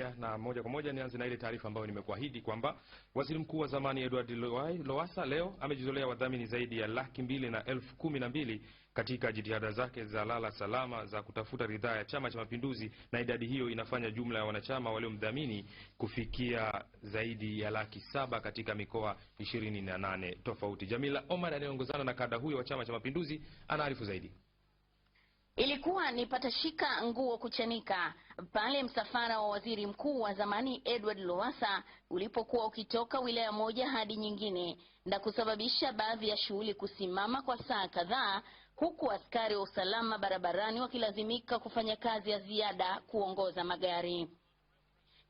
mpya, na moja kwa moja nianze na ile taarifa ambayo nimekuahidi kwamba waziri mkuu wa zamani Edward Lowasa leo amejizolea wadhamini zaidi ya laki mbili na elfu kumi na mbili katika jitihada zake za lala salama za kutafuta ridhaa ya Chama cha Mapinduzi, na idadi hiyo inafanya jumla ya wanachama waliomdhamini kufikia zaidi ya laki saba katika mikoa nane tofauti. Jamila Omar anayeongozana na kada huyo wa Chama cha Mapinduzi anaarifu zaidi. Ilikuwa ni patashika nguo kuchanika pale msafara wa waziri mkuu wa zamani Edward Lowassa ulipokuwa ukitoka wilaya moja hadi nyingine na kusababisha baadhi ya shughuli kusimama kwa saa kadhaa, huku askari wa usalama barabarani wakilazimika kufanya kazi ya ziada kuongoza magari.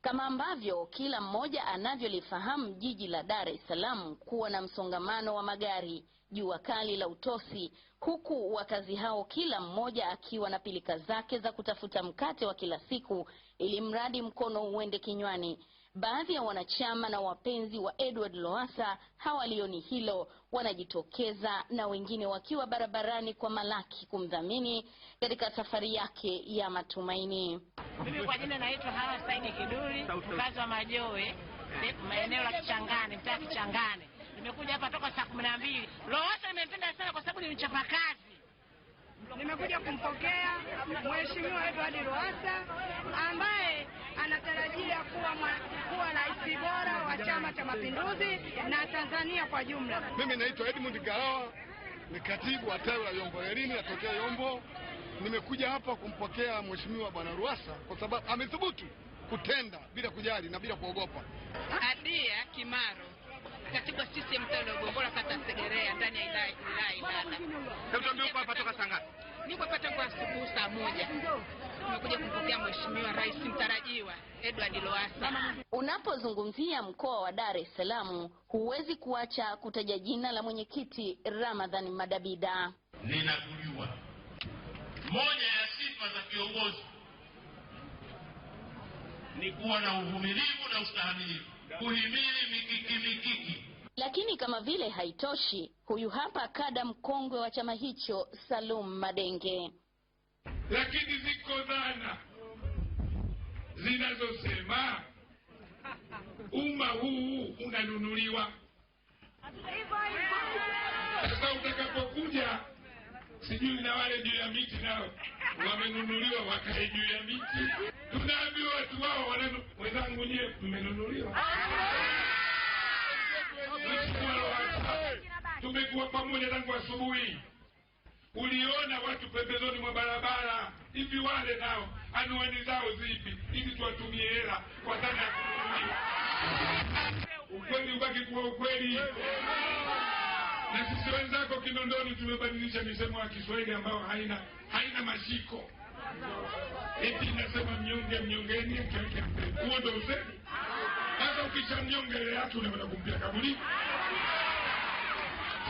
Kama ambavyo kila mmoja anavyolifahamu jiji la Dar es Salaam kuwa na msongamano wa magari, jua kali la utosi, huku wakazi hao kila mmoja akiwa na pilika zake za kutafuta mkate wa kila siku, ili mradi mkono uende kinywani. Baadhi ya wanachama na wapenzi wa Edward Lowassa hawalioni hilo, wanajitokeza na wengine wakiwa barabarani kwa Malaki kumdhamini katika safari yake ya matumaini. Mimi kwa jina naitwa Hawa Saidi Kiduri, mkazi wa Majowe, eh. Eh, maeneo la Kichangani, mtaa Kichangani. Nimekuja hapa toka saa kumi na mbili. Lowassa nimempenda sana kwa sababu ni mchapakazi. Nimekuja kumpokea Mheshimiwa Edward Lowassa ambaye bora wa Chama cha Mapinduzi na Tanzania kwa jumla. Mimi naitwa Edmund garawa ni katibu wa tawi la Yombo Elini, natokea Yombo. Nimekuja hapa kumpokea mheshimiwa bwana Ruasa kwa sababu amethubutu kutenda bila kujali na bila kuogopa. Adia Kimaro, katibu wa CCM tawi la kata Segerea, ndani ya wilaya Ilala. Tuambie uko hapa toka saa ngapi? niko pata kwa asubuhi saa moja nimekuja kumpokea mheshimiwa rais mtarajiwa Edward Lowassa. Unapozungumzia mkoa wa Dar es Salaam, huwezi kuacha kutaja jina la mwenyekiti Ramadhan Madabida. Ninakujua. Moja ya sifa za kiongozi ni kuwa na uvumilivu na ustahimilivu, kuhimili mikiki mikiki lakini kama vile haitoshi, huyu hapa kada mkongwe wa chama hicho Salum Madenge. Lakini ziko dhana zinazosema umma huu unanunuliwa. Sasa utakapokuja sijui na wale juu ya miti nao wamenunuliwa, wakae juu ya miti. Tunaambiwa watu wao, wenzangu, nyie mmenunuliwa. pamoja tangu asubuhi. Uliona watu pembezoni mwa barabara, hivi wale nao anuani zao zipi ili tuwatumie hela kwa sana ya kutumia? Ukweli ubaki kuwa ukweli. Na sisi wenzako Kinondoni tumebadilisha misemo ya Kiswahili ambayo haina haina mashiko eti inasema mnyonge mnyongeni, huo ndo usemi. Sasa ukisha mnyonge leatu yake unaenda kumpia kaburi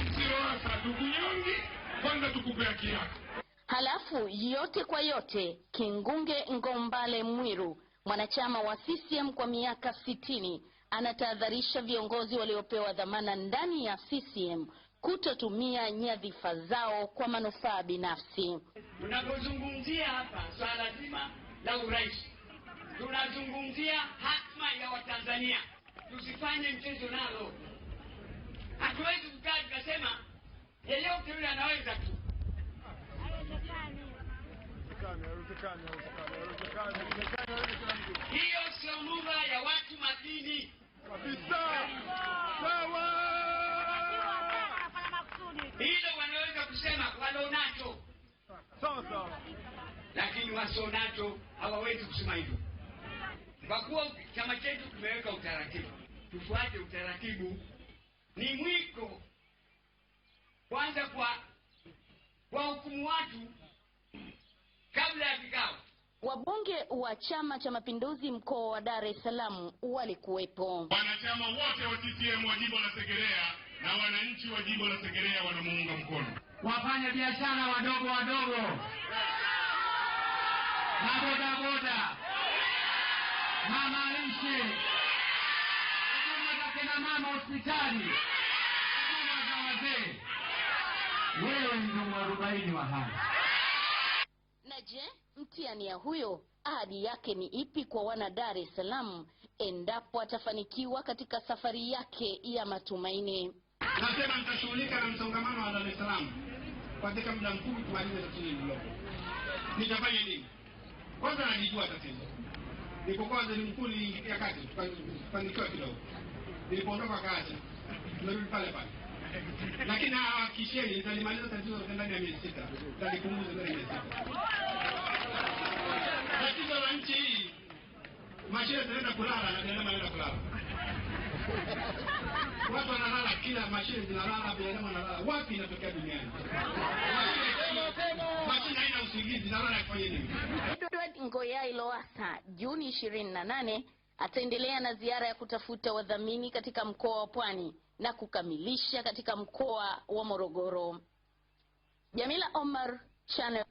usiowasa tukunyongi kwanza tukupea kiatu. Halafu yote kwa yote, Kingunge Ngombale Mwiru, mwanachama wa CCM kwa miaka sitini, anatahadharisha viongozi waliopewa dhamana ndani ya CCM kutotumia nyadhifa zao kwa manufaa binafsi. Tunapozungumzia hapa swala so zima la urais, tunazungumzia hatma ya Watanzania, tusifanye mchezo nalo hatuwezi kukaa tukasema yeyote yule anaweza tu. Hiyo sio lugha ya watu madini kabisa. Sawa, hilo wanaweza kusema walonacho, lakini wasionacho hawawezi kusema hivyo, kwa kuwa chama chetu kimeweka utaratibu. Tufuate utaratibu ni mwiko kwanza kwa kwa hukumu watu kabla ya vikao. Wabunge wa Chama cha Mapinduzi mkoa wa Dar es Salaam walikuwepo. Wanachama wote wa CCM wa jimbo la Segerea na wananchi wa jimbo la Segerea wanamuunga mkono. Wafanya biashara wadogo wadogo na bodaboda, mama lishe akina mama hospitali, mama za wazee. Wewe ndio mwarobaini wa haya. Na je, mtiani ya huyo ahadi yake ni ipi kwa wana Dar es Salaam endapo atafanikiwa katika safari yake ya matumaini? Nasema nitashughulika na msongamano wa Dar es Salaam katika muda mfupi tumalize tatizo lililopo. Nitafanya nini? Kwanza najijua tatizo. Nilipokuwa waziri mkuu niliingia kati tukafanikiwa kidogo, nilipoondoka kaacha, narudi pale pale, lakini hawahakikisheni ah, nitalimaliza tatizo ndani ya miezi sita, nitalipunguza ndani ya miezi sita. Tatizo la nchi hii, mashine zinaenda kulala na binadamu anaenda kulala. Watu wanalala kila, mashine zinalala, binadamu analala. Wapi inatokea duniani? Mashine haina usingizi, nalala kufanya nini? Edward Ngoyai Lowassa, Juni 28 Ataendelea na ziara ya kutafuta wadhamini katika mkoa wa Pwani na kukamilisha katika mkoa wa Morogoro. Jamila Omar, Channel